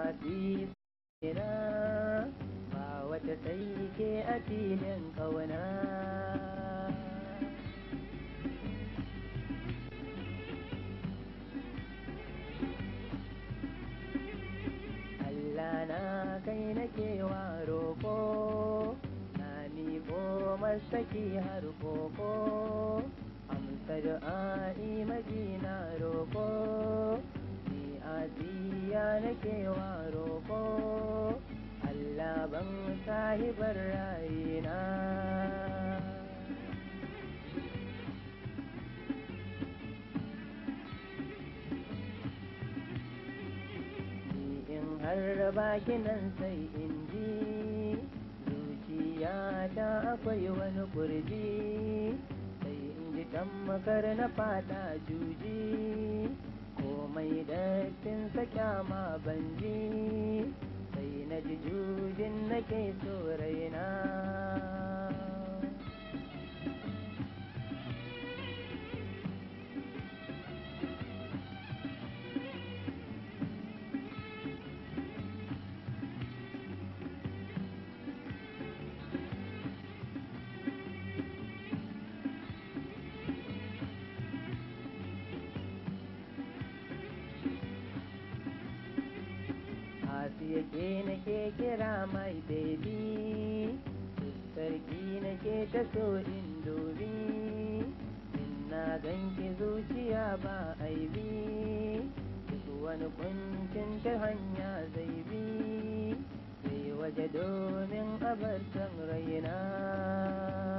masu tsira ba wata sai ke a filin ƙauna. rana kai nake wa roƙo na miƙo masaki har koko amsar a'i madina roƙo hajiya nake wa roƙo Allah ban sahibar rayina harraba kinan sai in ji zuciya ta akwai wani kurji sai in ji kan na fata juji komai dattin sa kyama ban sai na ji jujin nake so raina asiya ke nake kira my baby sarki nake ta so in dobi in na ganki zuciya ba aibi duk wani kuncin ta hanya zai bi zai waje domin abartan raina